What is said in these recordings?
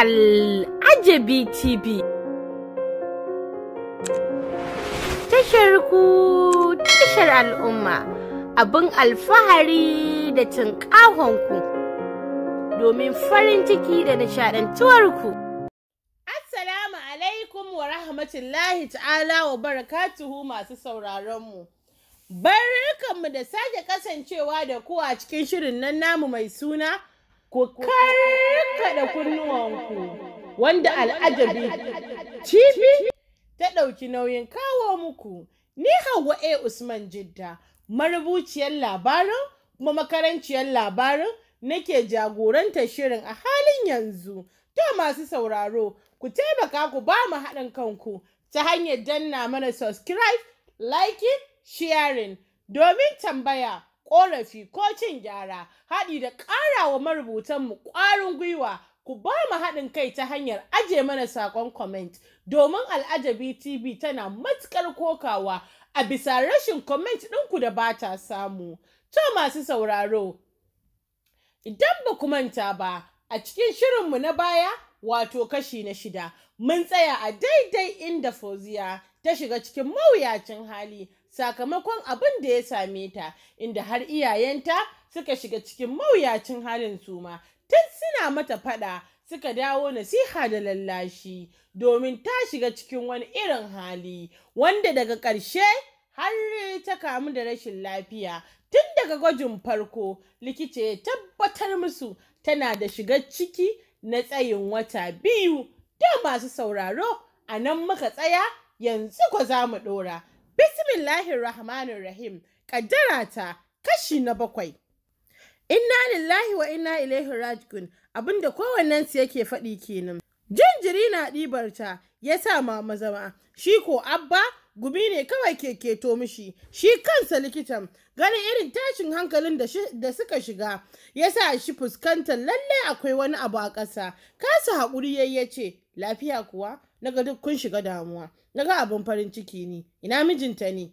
Al'ajabi TV. Tashar ku tashar al'umma abin alfahari da cin ku domin farin ciki da ku. Assalamu alaikum wa rahmatullahi ta'ala wa barakatuhu masu sauraronmu. Barkanmu da sake kasancewa da ku a cikin shirin nan namu mai suna. ku karkada kunnuwanku wanda al'ajabi TV ta ɗauki nauyin kawo muku ni hawa A Usman Jidda marubuciyar labarin kuma makaranciyar labarin nake jagorantar shirin a halin yanzu to masu sauraro ku taimaka ku ba mu haɗin kanku ta hanyar danna mana subscribe liking sharing domin tambaya ƙorafi ko cin gyara haɗi da ƙara wa marubutanmu ƙwarin gwiwa ku ba mu haɗin kai ta hanyar aje mana saƙon comment domin al'ajabi tv tana matuƙar kokawa a bisa rashin comment ɗinku da ba ta samu to masu sauraro idan ba ku manta ba a cikin shirinmu na baya wato kashi na shida mun tsaya a daidai inda foziya ta shiga cikin mawuyacin hali sakamakon abin da ya same ta inda har iyayenta suka shiga cikin mawuyacin halin suma tun suna mata fada suka dawo nasiha da lallashi domin ta shiga cikin wani irin hali wanda daga ƙarshe har ta kamu da rashin lafiya tun daga gwajin farko likita ya tabbatar musu tana da shiga ciki na tsayin wata biyu da masu sauraro a nan muka tsaya yanzu kwa za mu ɗora Bismillahir Rahmanir Rahim, ƙaddara ta kashi na bakwai. Inna lillahi wa inna ilaihi raji'un abinda su yake faɗi kenan. Jinjiri na ɗibar ta ya sa mama zama, shi ko abba gumi ne kawai ke keto mishi, shi kansa likitan ganin irin tashin hankalin da suka shiga ya sa shi fuskantar lallai akwai wani abu a ƙasa, kasa haƙuri ya ce, lafiya kuwa, na ga duk kun shiga damuwa. na ga abin farin ciki ne ina mijinta ne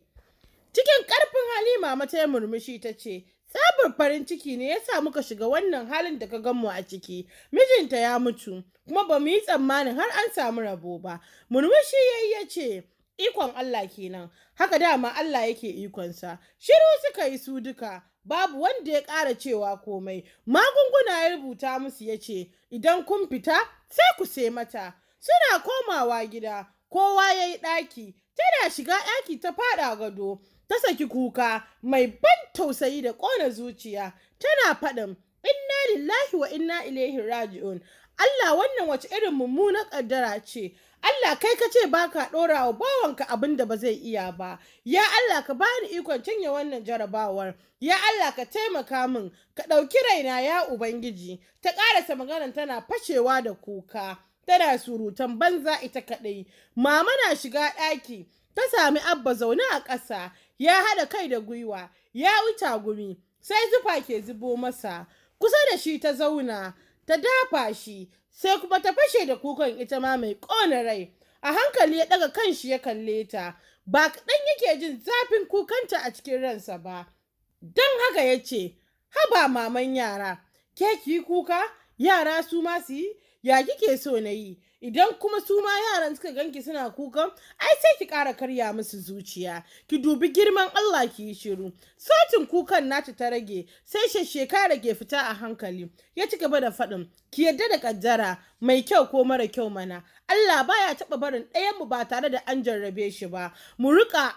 cikin karfin hali mama ta murmushi ta ce tsabar farin ciki ne ya sa muka shiga wannan halin da ka gan a ciki mijinta ya mutu kuma ba mu yi tsammanin har an samu rabo ba murmushi ya ya ce ikon Allah kenan haka dama Allah yake ikonsa shiru suka yi su duka babu wanda ya ƙara cewa komai magunguna ya rubuta musu ya ce idan kun fita sai ku sai mata suna komawa gida kowa ya yi ɗaki tana shiga ɗaki ta faɗa gado ta saki kuka mai ban tausayi da ƙona zuciya tana faɗin inna lillahi wa inna ilaihi raji'un Allah wannan wace irin mummunar ƙaddara ce Allah kai ka ce ba ka ɗora wa bawanka abin da ba zai iya ba, ya Allah ka bani ikon cinye wannan jarabawar, ya Allah ka taimaka min, ka ɗauki raina ya Ubangiji, ta ƙarasa maganar tana fashewa da kuka. tana surutan banza ita kaɗai mama na shiga ɗaki ta sami abba zaune a ƙasa ya haɗa kai da gwiwa ya wuta gumi sai zufa ke zubo masa kusa da shi ta zauna ta dafa shi sai kuma ta fashe da kukan ita ma mai ƙona rai a hankali ya ɗaga kan shi ya kalle ta ba kaɗan yake jin zafin kukanta a cikin ransa ba don haka ya ce haba maman yara ke ki kuka yara su ma yi ya kike so na yi idan kuma su ma yaran suka ganki suna kukan ai sai ki ƙara karya musu zuciya ki dubi girman Allah ki yi shiru sautin kukan nata ta rage sai shekara ke fita a hankali ya ci gaba da faɗin ki yadda da ƙaddara mai kyau ko mara kyau mana Allah baya taɓa barin ɗayan mu ba tare da an jarrabe shi ba mu riƙa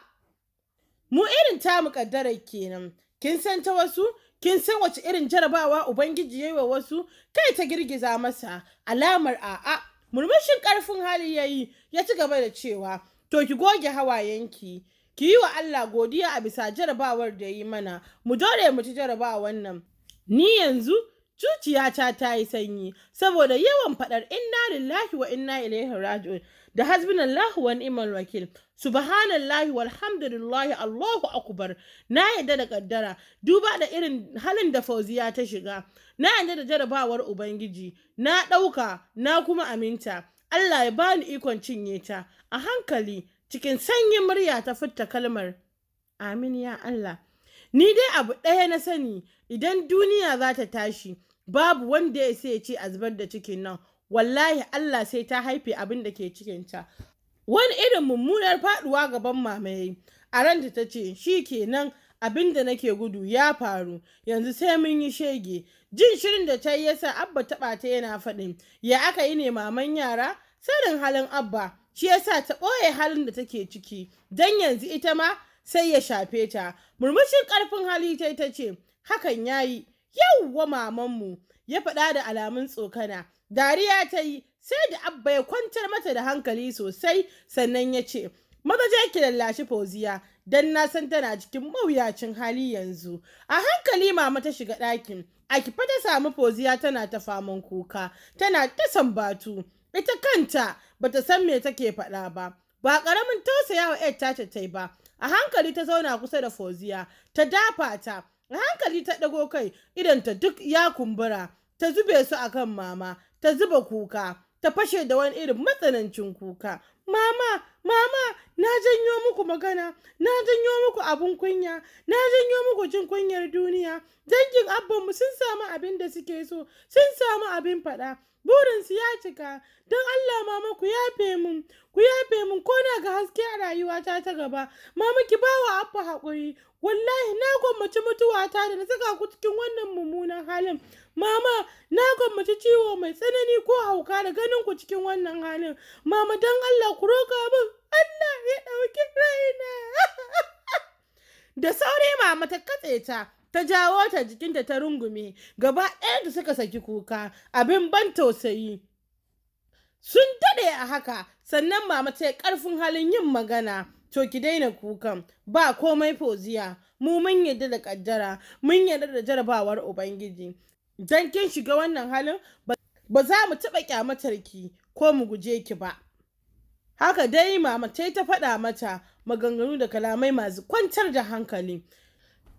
mu irin tamu ƙaddarar kenan kin san ta wasu kin san wace irin jarabawa ubangiji ya yi wa wasu kai ta girgiza masa alamar a'a murmushin karfin hali ya yi ya ci gaba da cewa to ki goge hawayenki ki yi wa Allah godiya a bisa jarabawar da yi mana mu dore mu ci jarabawan nan ni yanzu zuciyata ta yi sanyi saboda yawan faɗar inna lillahi wa inna ilaihi raji'un da hasbinallahu wa ni'mal wakil subhanallahi Walhamdulillah! allahu akbar na yadda da kaddara duba da irin halin da fauziya ta shiga na yadda da jarabawar ubangiji na ɗauka na kuma aminta allah ya bani ikon cinye ta a hankali cikin sanyin murya ta fita kalmar amin ya allah ni dai abu ɗaya na sani idan duniya za ta tashi babu wanda ya ce a zubar da cikin nan wallahi Allah sai ta haife abin da ke cikinta wani irin mummunar faduwa gaban mamaye a ranta ta ce shi kenan abin da nake gudu ya faru yanzu sai mun yi shege jin shirin da ta yi yasa abba taɓa ta yana faɗin ya aka yi ne maman yara sanin halin abba shi yasa ta ɓoye halin da take ciki don yanzu ita ma sai ya shafe ta murmushin ƙarfin hali ta ce hakan yayi yauwa mamanmu ya faɗa da alamun tsokana Dariya ta yi, sai da Abba ya kwantar mata da hankali sosai sannan ya ce, Maza je ki lallashi Foziya? don na san tana cikin mawuyacin hali yanzu. A hankali mama ta shiga ɗakin, a kifa ta samu foziya tana ta faman kuka, tana ta sambatu. Ita kanta bata san me take faɗa ba, ba ƙaramin tausayawa 'yar ta ta ba. A hankali ta zauna kusa da foziya, ta dafa ta, a hankali ta ɗago kai, idan ta duk ya kumbura, ta zube su akan mama, ta zuba kuka ta fashe da wani irin matsanancin kuka mama mama na janyo muku magana na janyo muku abin kunya na janyo muku jin kunyar duniya dangin abbanmu sun samu abin da suke so sun samu abin faɗa burinsu ya cika don allah mama ku yafe mun ku yafe mun ko na ga haske a rayuwata ta gaba mama ki wa abba haƙuri wallahi na gwammaci mutuwata da na saka ku cikin wannan mummunan halin mama na gwammaci ciwo mai tsanani ko hauka da ganin ku cikin wannan halin mama don allah ku roƙa min allah ya ɗauki raina da sauri mama ta katse ta ta jawo ta jikinta ta rungume gaba ɗaya da suka saki kuka abin ban tausayi sun daɗe a haka sannan mama ta yi ƙarfin halin yin magana To ki daina kukan ba komai foziya mu mun yarda da kaddara mun yarda da jarabawar Ubangiji. Dan kin shiga wannan halin ba za mu taɓa kyamatar ki ko mu guje ki ba. Haka dai mama ta ta faɗa mata maganganu da kalamai masu kwantar da hankali.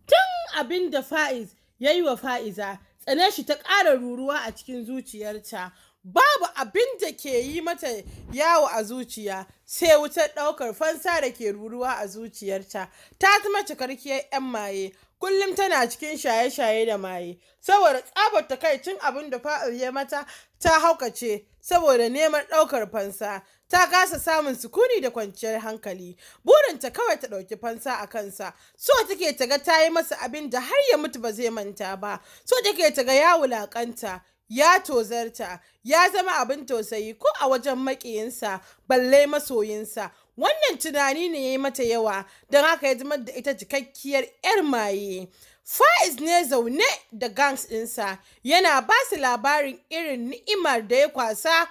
Tun abin da Fa'iz ya yi wa Fa'iza tsane shi ta ƙara ruruwa a cikin zuciyarta babu abin da ke yi mata yawo a zuciya sai wutar ɗaukar fansa da ke ruruwa a zuciyarta ta zama cikarkiyar 'yan maye kullum tana cikin shaye-shaye da maye saboda tsabar cin abin da fa'il ya mata ta haukace saboda neman ɗaukar fansa ta kasa samun sukuni da kwanciyar hankali burinta kawai ta ɗauki fansa a kansa so take ta ga ta yi masa abin da har ya mutu ba zai manta ba so take ta ga ya wulakanta ya tozarta ya zama abin tausayi ko a wajen maƙiyinsa balle masoyinsa wannan tunani ne ya yi mata yawa don haka ya zama da ita cikakkiyar 'yar maye Faiz ne zaune da gangs ɗinsa yana ba su labarin irin ni'imar da ya kwasa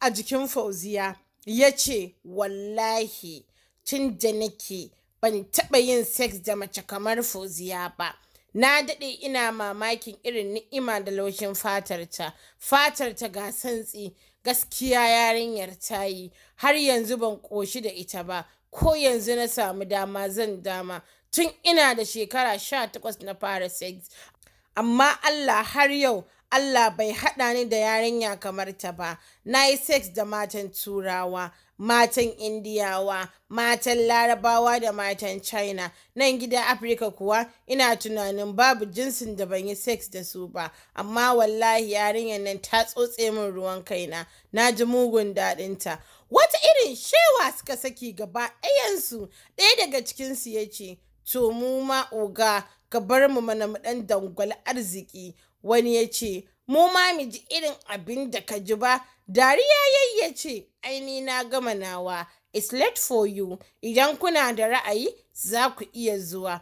a jikin fauziya ya ce wallahi tun da nake ban taɓa yin sex da mace kamar fauziya ba Na daɗe ina mamakin irin ni'ima da laushin fatarta, fatarta ga santsi, gaskiya yarinyar ta yi, har yanzu ban ƙoshi da ita ba, ko yanzu na samu dama zan dama, tun ina da shekara sha takwas na fara sex. Amma Allah har yau, Allah bai haɗa ni da yarinya kamar ta ba, na yi sex da matan turawa, matan indiyawa matan larabawa da matan china nan gida afirka kuwa ina tunanin babu jinsin da ban yi sex da su ba amma wallahi yarinyar nan ta tsotse min ruwan kaina na ji mugun daɗinta wata irin shewa suka saki gaba ɗayansu ɗaya daga cikinsu ya ce to mu ma oga ka bar mu mana mu ɗan dangwal arziki wani ya ce mu ma mu ji irin abin da ka ji ba dariya yayyace aini na gama nawa it's late for you idan kuna da ra'ayi za ku iya zuwa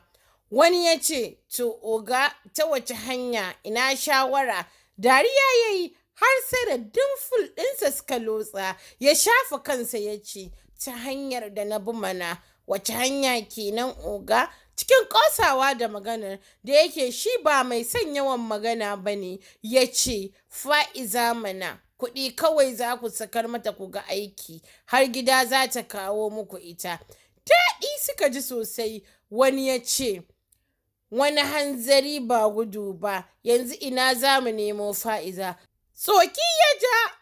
wani ya ce to oga ta wace hanya ina shawara dariya ya yi har sai da dimful ɗinsa suka lotsa ya shafa kansa ya ce ta hanyar da na bi mana wace hanya kenan oga cikin ƙosawa da maganar da yake shi ba mai son yawan magana ba ne ya ce fa'iza mana kuɗi kawai za ku sakar mata ku ga aiki har gida za ta kawo muku ita daɗi suka ji sosai wani ya ce wani hanzari ba gudu ba yanzu ina za mu nemo fa'iza tsoki ya ja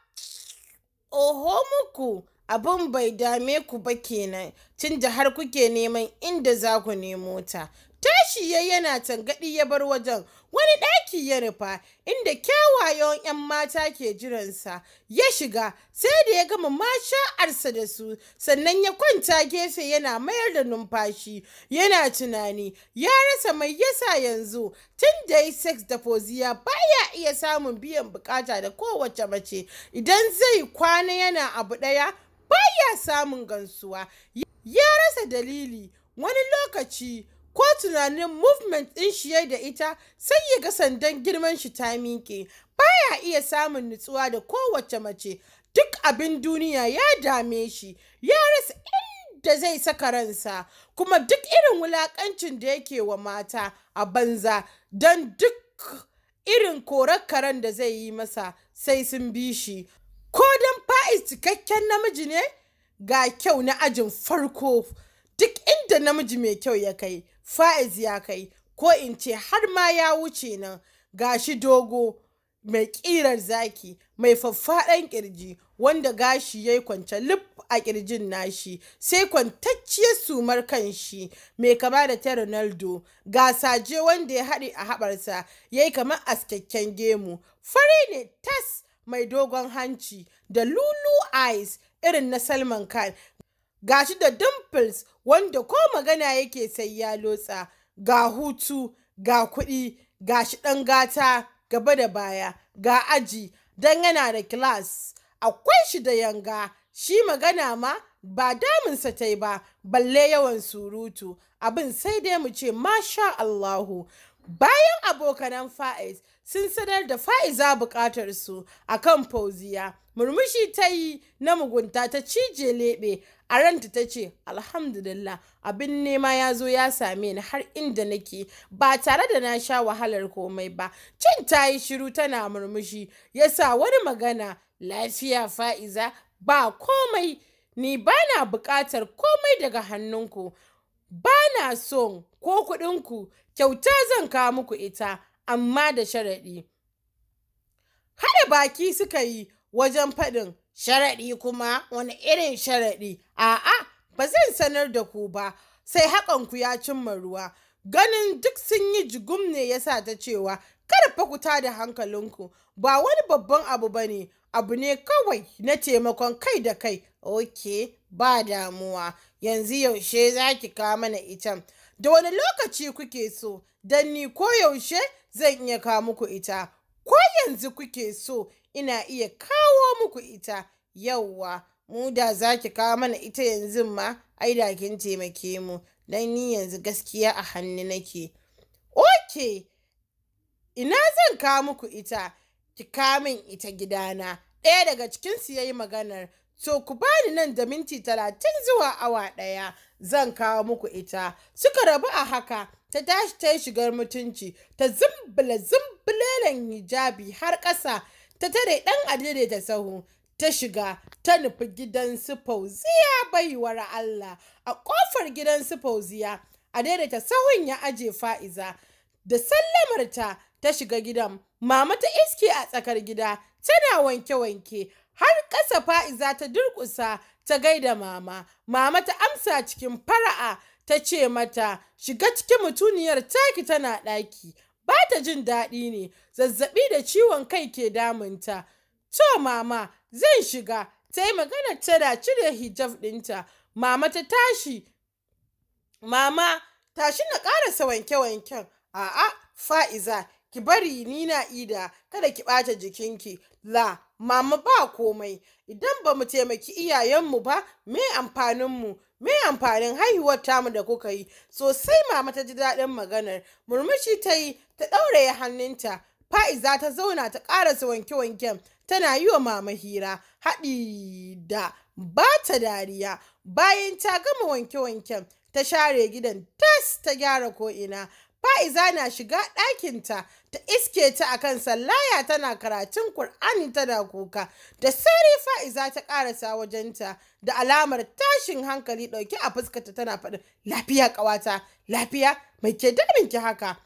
oho muku abin bai dame ku ba kenan tun da har kuke neman inda za ku nemo ta tashi ya yana tangaɗi ya bar wajen wani ɗaki ya rufa inda kyawayon 'yan mata ke jiransa ya shiga sai da ya gama masha'arsa da su sannan ya kwanta gefe yana mayar da numfashi yana tunani ya rasa mai yasa yanzu tun da ya sex da foziya baya iya samun biyan bukata da kowace mace idan zai kwana yana abu ɗaya baya samun gansuwa ya rasa dalili wani lokaci ko tunanin movement ɗin shi da ita sai ya ga sandan girman shi ta miƙe baya iya samun nutsuwa da kowace mace duk abin duniya ya dame shi ya rasa inda zai saka ransa kuma duk irin wulakancin da yake wa mata a banza don duk irin korar karen da zai yi masa sai sun bi shi ko don fais cikakken namiji ne ga kyau na ajin farko duk inda namiji mai kyau ya kai fa'iz ya kai ko in ce har ma ya wuce nan gashi dogo mai ƙirar zaki mai faffaɗan ƙirji wanda gashi ya yi kwance lif a ƙirjin nashi sai kwantacciyar sumar kanshi mai kama da ta ronaldo ga saje wanda ya haɗe a haɓarsa ya yi kamar askakken gemu fari ne tas mai dogon hanci da lulu eyes irin na salman khan gashi da dimples wanda ko magana yake sai ya lotsa ga hutu ga kuɗi shi ɗan gata gaba da baya ga aji don yana da class akwai shi da yanga shi magana ma ba damunsa ta yi ba balle yawan surutu abin sai dai mu ce masha Allahu bayan abokanan fa'iz sun sanar da fa'iza bukatar su akan fauziya murmushi ta yi na mugunta ta cije lebe a ranta ta ce alhamdulillah abin nema ya zo ya same ni har inda nake ba tare da na sha wahalar komai ba cin ta yi shiru tana murmushi ya sa wani magana lafiya fa'iza ba komai ni ba na bukatar komai daga hannunku ba na son ko kuɗinku kyauta zan kawo muku ita amma da sharaɗi kada baki suka yi wajen faɗin Sharaɗi kuma wani irin sharaɗi? A'a, ba zan sanar da ku ba, sai haƙanku ya cimma ruwa. Ganin duk sun yi jigum ne ya sa ta cewa, kada fa ku da hankalinku, ba wani babban abu ba ne, abu ne kawai na taimakon kai da kai. Ok, ba damuwa, yanzu yaushe za ki kawo mana ita. Da wani lokaci kuke so, dan ni ko yaushe zan iya kawo muku ita. Ko yanzu kuke so, ina iya kawo muku ita yauwa mu da za ki kawo mana ita yanzu ma ai da kin taimake mu dan ni yanzu gaskiya a hannu nake oke ina zan kawo muku ita ki kamin min ita gidana ɗaya daga cikin su yayi maganar to ku bani nan da minti talatin zuwa awa ɗaya zan kawo muku ita suka rabu a haka ta tashi ta yi shigar mutunci ta zumbula zumbulelen hijabi har ƙasa ta tare ɗan adire ta sahu ta shiga ta nufi gidan su fauziya baiwar Allah a ƙofar gidan su fauziya a ta sahun ya aje fa'iza da sallamarta ta shiga gidan mama ta iske a tsakar gida tana wanke-wanke har ƙasa fa'iza ta durƙusa ta gaida mama mama ta amsa cikin fara'a ta ce mata shiga cikin mutuniyar taki tana ɗaki ba ta jin daɗi ne zazzaɓi da ciwon kai ke damunta to mama zan shiga ta yi magana ta da cire hijab ɗinta mama ta tashi mama tashi na ƙarasa wanke-wanken a'a fa'iza ki bari ni na ida kada ki ɓata jikinki la mama ba komai idan ba mu taimaki iyayenmu ba me amfaninmu me amfanin haihuwar tamu da kuka yi sosai mama ta ji daɗin maganar murmushi ta yi ta ɗauraye hannunta fa'iza ta zauna ta ƙarasa wanke-wanken tana yi wa mama hira haɗi da ba ta dariya bayan ta gama wanke-wanken ta share gidan tas ta gyara ko'ina fa'iza na shiga ɗakinta ta iske ta a kan sallaya tana karatun ƙur'ani tana kuka da sauri fa'iza ta ƙarasa wajenta da alamar tashin hankali ɗauke a fuskarta tana faɗin lafiya ƙawata lafiya mai ke ki haka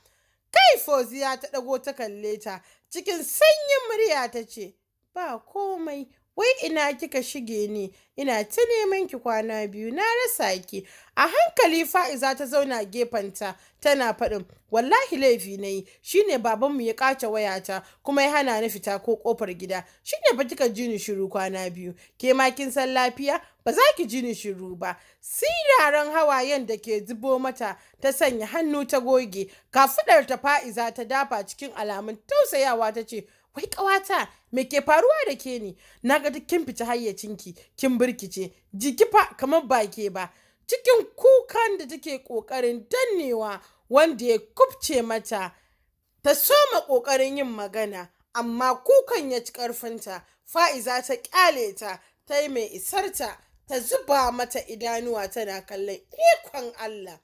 kai foziya ta ɗago ta kalle ta cikin sanyin murya ta ce ba komai wai ina kika shige ni ina ta neman ki kwana biyu na rasa ki a hankali fa'iza ta zauna gefenta tana faɗin wallahi laifi na yi shine babanmu ya ƙace wayata kuma ya hana ni fita ko kofar gida shine ba kika ji ni shiru kwana biyu ke ma kin san lafiya ba za ki ji ni shiru ba siraran hawayen da ke zubo mata ta sanya hannu ta goge kafuɗar ta fa'iza ta dafa cikin alamun tausayawa ta ce wai ƙawata me ke faruwa da ke ne na ga duk kin fice hayyacinki kin birkice jiki fa kamar ba ke ba cikin kukan da take ƙoƙarin dannewa wanda ya kubce mata ta soma ƙoƙarin yin magana amma kukan ya ci ƙarfinta fa'iza ta ƙyale ta ta yi mai isarta ta zuba mata idanuwa tana kallon ikon Allah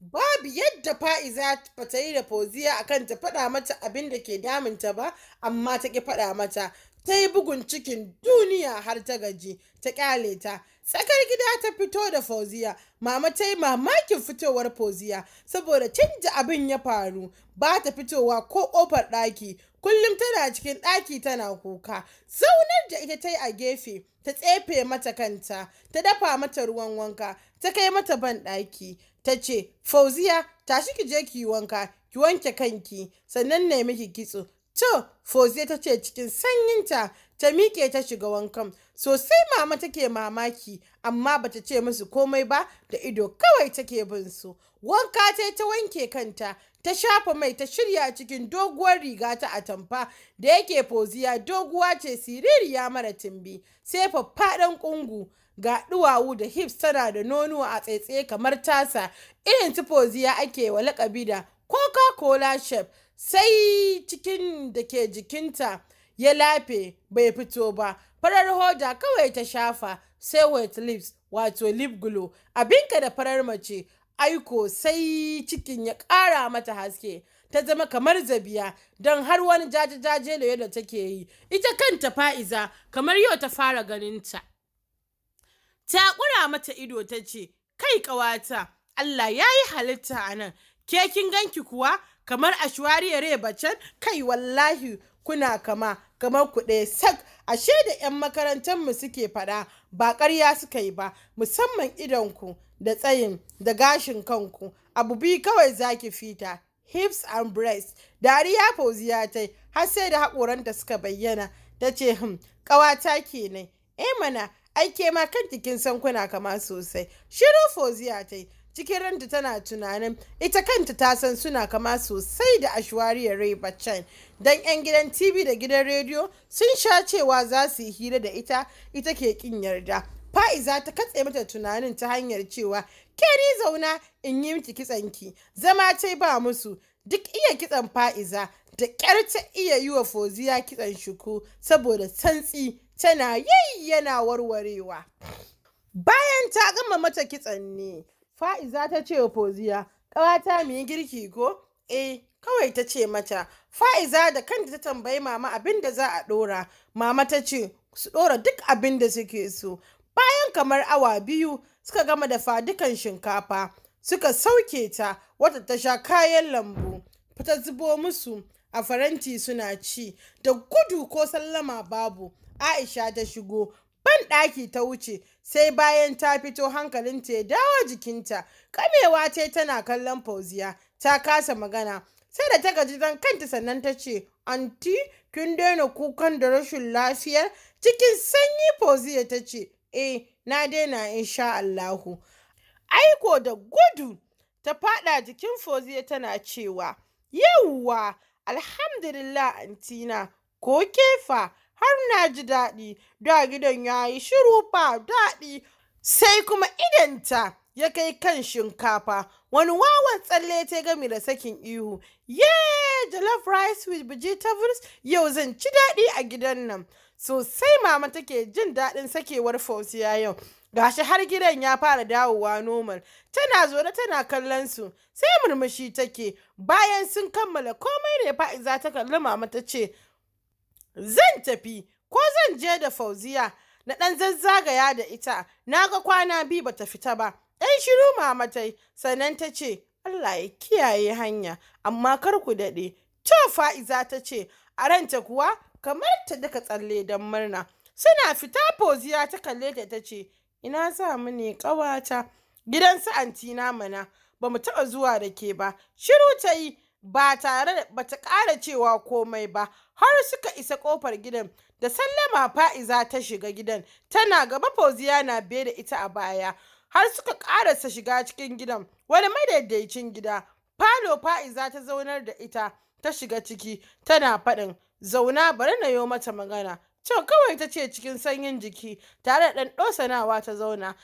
Babu yadda fa'iza ba ta yi da foziya kan ta faɗa mata abin da ke damun ta ba, amma ta ƙi faɗa mata. ta yi bugun cikin duniya har ta gaji ta ƙyale ta tsakar gida ta fito da fauziya mama ta yi mamakin fitowar fauziya saboda canja abin ya faru ba ta fitowa ko ƙofar ɗaki kullum tana cikin ɗaki tana kuka zaunar da ita ta yi a gefe ta tsefe mata kanta ta dafa mata ruwan wanka ta kai mata ban ɗaki ta ce fauziya tashi ki je ki yi wanka ki wanke kanki sannan na miki kitso to fauziya ta ce cikin sanyinta ta miƙe ta shiga wankan sosai mama take mamaki amma bata ce musu komai ba da ido kawai take bin su wanka ta ta wanke kanta ta shafa mai ta shirya cikin doguwar riga ta atamfa da yake Fauziya doguwa ce siririya mara timbi, sai faffaɗan ƙungu ga duwawu da hips tana da nonuwa a tsaitsaye kamar tasa irin tifoziya ake wa lakabi da coca-cola chef sai cikin da ke jikinta ya lafe bai fito ba farar hoda kawai ta shafa sai wet lips wato lip glow abinka da farar mace aiko sai cikin ya ƙara mata haske ta zama kamar zabiya don har wani jaje-jaje da take yi ita kanta fa'iza kamar yau ta fara ganinta ta ƙura mata ido ta ce, Kai ƙawata, Allah ya yi halitta a nan, ke kin ganki kuwa kamar a rai bacan kai wallahi kuna kama kamar ku ɗaya sak ashe da 'yan makarantarmu suke faɗa ba ƙarya suka yi ba musamman idonku da tsayin da gashin kanku abu biyu kawai zaki fita hips and breasts dariya fauziya ta har sai da haƙoranta suka bayyana ta ce hm, ƙawata kenan eh mana ai ke ma kan cikin san kama sosai shiru foziya ta yi cikin ranta tana tunanin ita kanta ta san suna kama sosai da ashwariyar rai baccan don 'yan gidan tv da gidan rediyo sun sha cewa za su yi hira da ita ita ke kin yarda fa'iza ta katse mata tunanin ta hanyar cewa keri zauna in yi miki ki zama ce ba musu duk iya kitsan fa'iza da ƙyar ta iya yi wa foziya kitsan shuku saboda santsi tana yi yana warwarewa bayan ta gama mata kitsan ne fa'iza ta ce foziya ƙawata mu yi girki ko eh kawai ta ce mata fa'iza da kanta ta tambayi mama abin da za a ɗora mama ta ce su ɗora duk abin da suke so bayan kamar awa biyu suka gama dafadukan fadukan shinkafa suka sauke ta wata ta sha kayan lambu ta zubo musu a faranti suna ci da gudu ko sallama babu aisha ta shigo ban ɗaki ta wuce sai bayan ta fito hankalinta ya dawo jikinta kamewa ta tana kallon fauziya ta kasa magana sai da ta gaji don kanta sannan ta ce anti kin daina kukan da rashin lafiyar cikin sanyi fauziya ta ce eh na daina insha allahu aiko da gudu ta faɗa jikin fauziya tana cewa yawwa Alhamdulillah antina, ko kefa har na ji daɗi, da gidan ya yi shiru ba daɗi, sai kuma idanta ya kai kan shinkafa, wani wawan tsalle ta gami da sakin ihu, ye jollof rice with vegetables yau zan ci daɗi a gidan nan. Sosai mama take jin daɗin sakewar Fauziya yau. gashi har gidan ya fara dawowa nomal tana zaune tana kallon su sai murmushi take bayan sun kammala komai da ya fa'iza ta kalli mama ta ce zan tafi ko zan je da fauziya na ɗan zazzagaya da ita na ga kwana biyu bata fita ba ɗan shiru mama ta yi sannan ta ce Allah ya kiyaye hanya amma kar ku daɗe to fa'iza ta ce a ranta kuwa kamar ta daka tsalle don murna suna fita fauziya ta kalle ta ta ce ina sa mu ne ƙawata gidan su anti na mana ba mu taɓa zuwa da ke ba shiru ta yi ba tare ba ta ƙara cewa komai ba har suka isa ƙofar gidan da sallama fa'iza ta shiga gidan tana gaba fauziya na be da ita a baya har suka ƙarasa shiga cikin gidan wani madaidaicin gida falo fa'iza ta zaunar da ita ta shiga ciki tana faɗin zauna bari na yo mata magana To kawai ta ce cikin sanyin jiki tare da ɗan ɗosanawa ta zauna.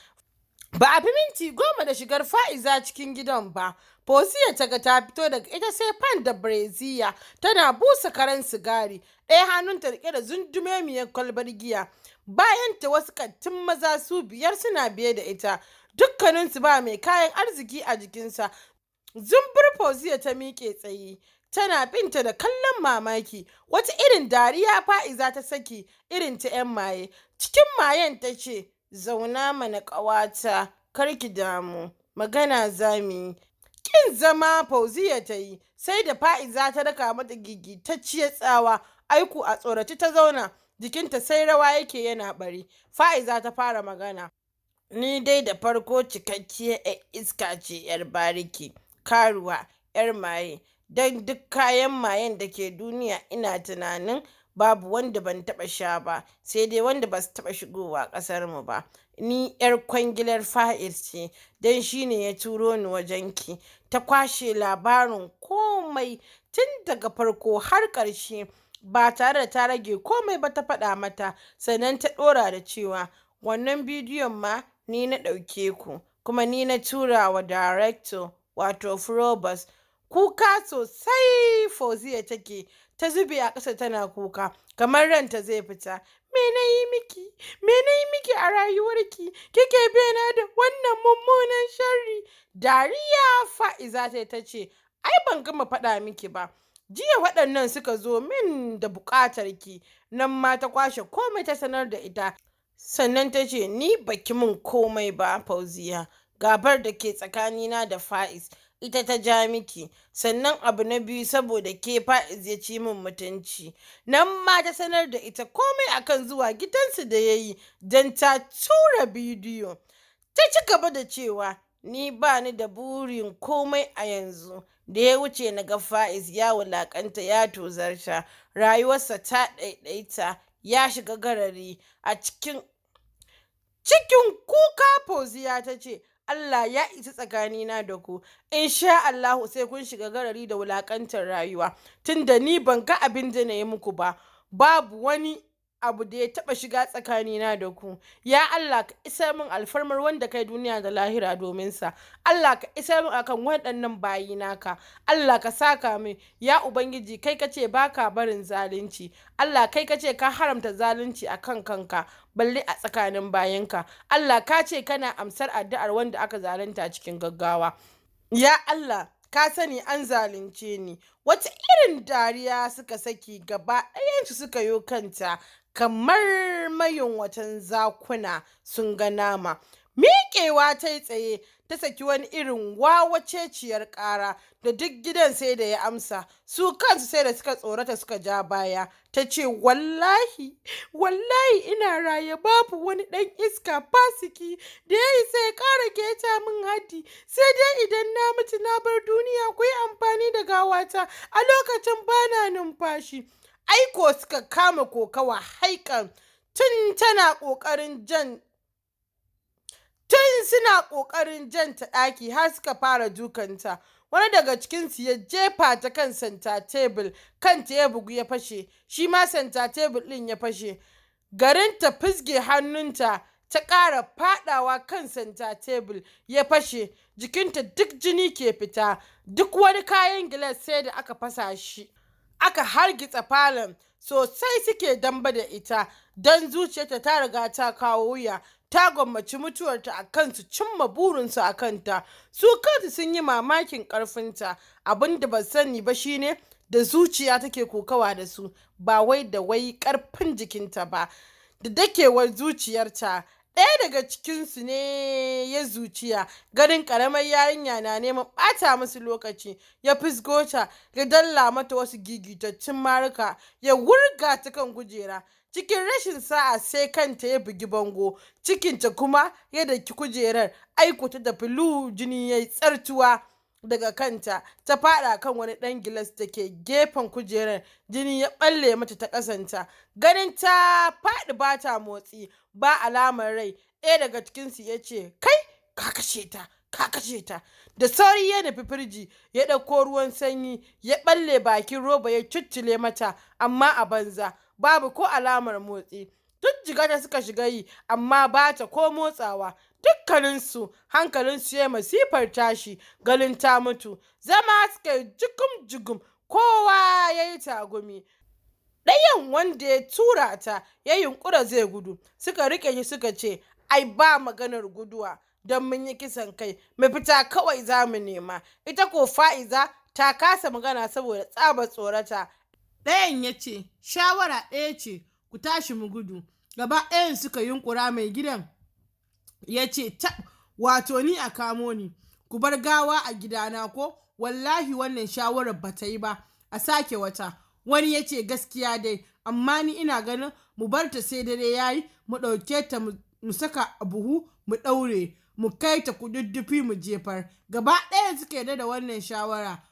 Ba a fi minti goma da shigar fa'iza cikin gidan ba, Fosiya ta ga ta fito daga ita sai fan da Breziya tana busa karen sigari, ɗaya hannun ta riƙe da zundumemiyar kwalbar giya. Bayanta wasu kantin maza su biyar suna biye da ita, dukkaninsu ba mai kayan arziki a jikinsa. Zumbur Fosiya ta miƙe tsaye. tana binta da kallon mamaki wata irin dariya fa'iza ta saki irin ta 'yan maye cikin mayen ta ce zauna mana ƙawata karki damu magana zami kin zama fauziya ta yi sai da fa'iza ta raka mata gigitacciyar tsawa aiku a tsoraci ta zauna jikinta sai rawa yake yana bari fa'iza ta fara magana ni dai da farko cikakkiyar iska ce 'yar bariki karuwa 'yar maye don duk kayan mayen da ke duniya ina tunanin babu wanda ban taɓa sha ba sai dai wanda ba su taɓa shigowa mu ba ni yar kwangilar fa'ir ce don shi ne ya turo ni wajenki ta kwashe labarin komai tun daga farko har ƙarshe ba tare da ta rage komai ba ta faɗa mata sannan ta ɗora da cewa wannan bidiyon ma ni na ɗauke ku kuma ni na tura wa director wato Frobus kuka sosai fauziya take ta zube a ƙasa tana kuka kamar ranta zai fita me na yi miki me yi miki a rayuwar ki? kike bena da wannan mummunan sharri dariya fa'iza ta ta ce ai ban gama faɗa miki ba jiya waɗannan suka zo min da buƙatar ki nan ma ta kwashe komai ta sanar da ita sannan ta ce ni baki min komai ba fauziya gabar da ke tsakanina da fa'is ita ta ja miki sannan abu na biyu saboda ke fa'iz ya ci min mutunci nan ma ta sanar da ita komai akan zuwa gidansu da ya yi don ta tura bidiyo ta ci gaba da cewa ni ba ni da burin komai a yanzu da ya wuce na ga fa'iz ya wulakanta ya tozarta rayuwarsa ta ɗaiɗaita ya shiga garari a cikin cikin kuka fauziya ta ce Allah ya isa tsakanina da ku in sha Allahu sai kun shiga garari da wulakantar rayuwa tunda ni ban ga abin da na yi muku ba babu wani abu da ya taɓa shiga tsakanina da ku ya Allah ka isa min alfarmar wanda kai duniya da lahira domin sa Allah ka isa min akan waɗannan bayi naka Allah ka saka min ya ubangiji kai kace baka barin zalunci Allah kai kace ka haramta zalunci akan kanka balle a tsakanin bayanka Allah ka ce kana amsar addu'ar wanda aka zalunta cikin gaggawa ya Allah ka sani an zalunce ni wata irin dariya suka saki gaba ɗayansu suka yo kanta kamar mayunwatan zakuna sun ga nama miƙewa ta yi tsaye ta saki wani irin wawaceciyar ƙara da duk gidan sai da ya amsa su kansu sai da suka tsorata suka ja baya ta ce wallahi wallahi ina raye babu wani ɗan iska fasiki da ya yi ya ƙara keta min haddi sai dai idan na mutu na bar duniya ku yi amfani da gawata a lokacin bana numfashi aiko suka kama kokawa haikan tun tana ƙoƙarin jan tun suna ƙoƙarin jan ta ɗaki har suka fara dukanta wani daga cikinsu ya jefa ta kan santa tebul ta ya bugu ya fashe shi ma santa tebul ɗin ya fashe garin ta fisge hannunta ta ƙara faɗawa kan santa tebul ya fashe jikinta duk jini ke fita duk wani kayan gilas sai da aka fasa shi aka hargitsa falon sosai suke damba da ita don zuciyarta ta riga ta kawo wuya ta gwammaci mutuwarta a kansu cimma burinsu a kanta su kanta sun yi mamakin ƙarfinta abin da ba sani ba shine da zuciya take kokawa da su ba wai da wai ƙarfin jikinta ba da dakewar zuciyarta ɗaya daga cikinsu ne ya zuciya ganin ƙaramar yarinya na neman ɓata musu lokaci ya fisgota ya dalla mata wasu gigitaccen maruka ya wurga ta kan kujera cikin rashin sa'a sai kanta ya bugi bango cikinta kuma ya daki kujerar aikuta da filu jini ya yi tsartuwa daga kanta ta fada kan wani dan gilas da ke gefen kujerar jini ya balle mata ta kasanta ganin ta faɗi ba ta motsi ba alamar rai ɗaya daga cikinsu ya ce kai ka kashe ta ka kashe ta da sauri ya nufi firji ya ɗauko ruwan sanyi ya balle bakin roba ya cuccule mata amma a banza babu ko alamar motsi tun jigata suka shiga yi amma ba ta ko motsawa dukkaninsu hankalinsu ya masifar tashi galin ta mutu zama suka yi jugum jigum kowa ya yi tagumi ɗayan wanda ya tura ta ya yunkura zai gudu suka riƙe shi suka ce ai ba maganar guduwa don mun yi kisan kai mai fita kawai za mu nema ita ko fa'iza ta kasa magana saboda tsaba tsorata ɗayan ya ce shawara ɗaya ce ku tashi mu gudu gaba ɗayan suka yunkura mai gidan ya ce wato ni a kamo ni ku bar gawa a gidana ko wallahi wannan shawarar ba ta yi ba a sake wata wani ya ce gaskiya dai amma ni ina ganin mu bar ta sai dare ya yi mu ɗauke ta mu saka a buhu mu ɗaure mu kai ta kududdufi mu jefar gaba ɗaya suka yarda da wannan shawara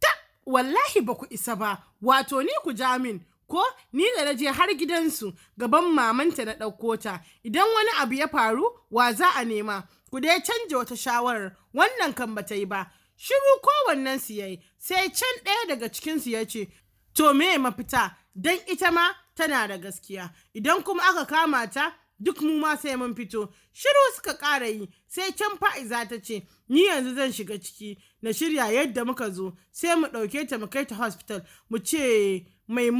ta wallahi ba ku isa ba wato ni ku jamin ko ni da na je har gidansu gaban mamanta na ɗauko ta idan wani abu ya faru wa za a nema ku dai canja wata shawarar wannan kan bata yi ba shiru kowannen su yayi sai can ɗaya daga cikin su ya ce to me mafita dan ita ma tana da gaskiya idan kuma aka kama ta duk mu ma sai mun fito shiru suka ƙara yi sai can fa'iza ta ce ni yanzu zan shiga ciki na shirya yadda muka zo sai mu ɗauke ta mu kai ta hospital mu ce mai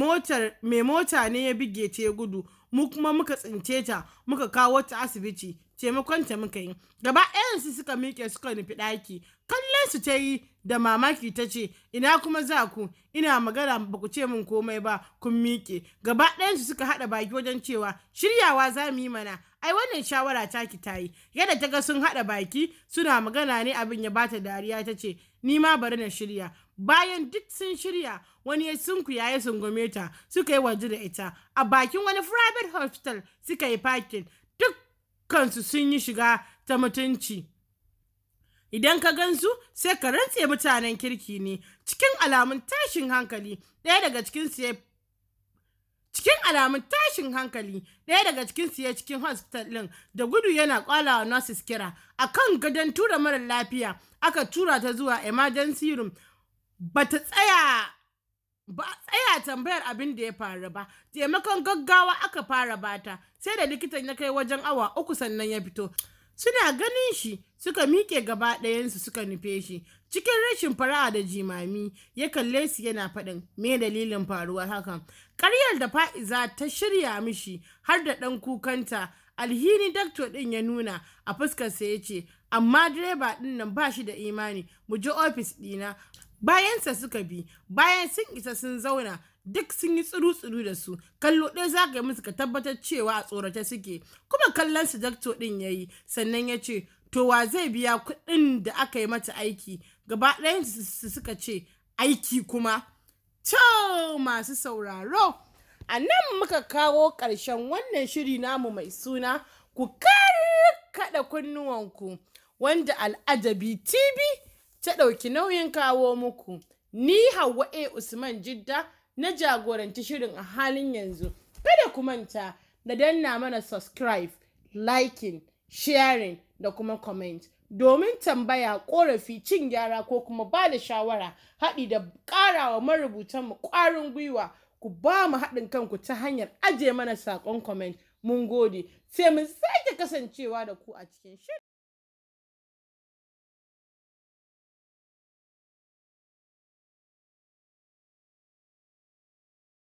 mota ne ya bige ta ya gudu mu kuma muka tsince ta muka kawo ta asibiti taimakon ta muka yi gaba ɗayansu suka miƙe suka nufi ɗaki kallon su ta yi da mamaki ta ce ina kuma za ku ina magana ba ku ce min komai ba kun miƙe gaba ɗayansu suka haɗa baki wajen cewa shiryawa za mu yi mana ai wannan shawara ta ki ta yi yadda ta ga sun haɗa baki suna magana ne abin ya bata dariya ta ce ni ma bari na shirya bayan duk sun shirya wani ya sunkuya ya sungume ta suka yi waje da ita a bakin wani private hospital suka yi parking dukkansu sun yi shiga ta mutunci idan ka gansu sai ka rantse mutanen kirki ne cikin alamun tashin hankali ɗaya daga cikin ya cikin alamun tashin hankali ɗaya daga cikin ya cikin hospital ɗin da gudu yana kwala wa nurses kira akan gadon tura mara lafiya aka tura ta zuwa emergency room ba ta tsaya ba tsaya tambayar abin da ya faru ba taimakon gaggawa aka fara bata sai da likitan ya kai wajen awa uku sannan ya fito suna ganin shi suka miƙe gaba ɗayansu suka nufe shi cikin rashin fara'a da jimami ya kalle su yana faɗin me dalilin faruwar hakan ƙaryar da fa'iza ta shirya mishi har da ɗan kukanta alhini dakto ɗin ya nuna a fuskarsa ya ce amma direba ɗin nan ba shi da imani mu je ofis ɗina bayansa suka bi bayan sun isa sun zauna duk sun yi tsuru tsuru da su kallo ɗaya za ka yi musu ka tabbatar cewa a tsorata suke kuma kallon su dakto ɗin ya yi sannan ya ce to wa zai biya kuɗin da aka yi mata aiki gaba ɗayan su suka ce aiki kuma to masu sauraro a nan muka kawo ƙarshen wannan shiri namu mai suna ku kar kaɗa kunnuwanku wanda al'ajabi tv ta ɗauki nauyin kawo muku. Ni Hauwa A. Usman Jidda na jagoranci shirin a halin yanzu. Kada ku manta da danna mana subscribe, liking, sharing da kuma comment. Domin tambaya, ƙorafi, cin gyara ko kuma ba da shawara haɗi da ƙarawa marubutanmu ƙwarin gwiwa ku ba mu haɗin kanku ta hanyar aje mana saƙon comment. Mun gode, sai mun sake kasancewa da ku a cikin shirin.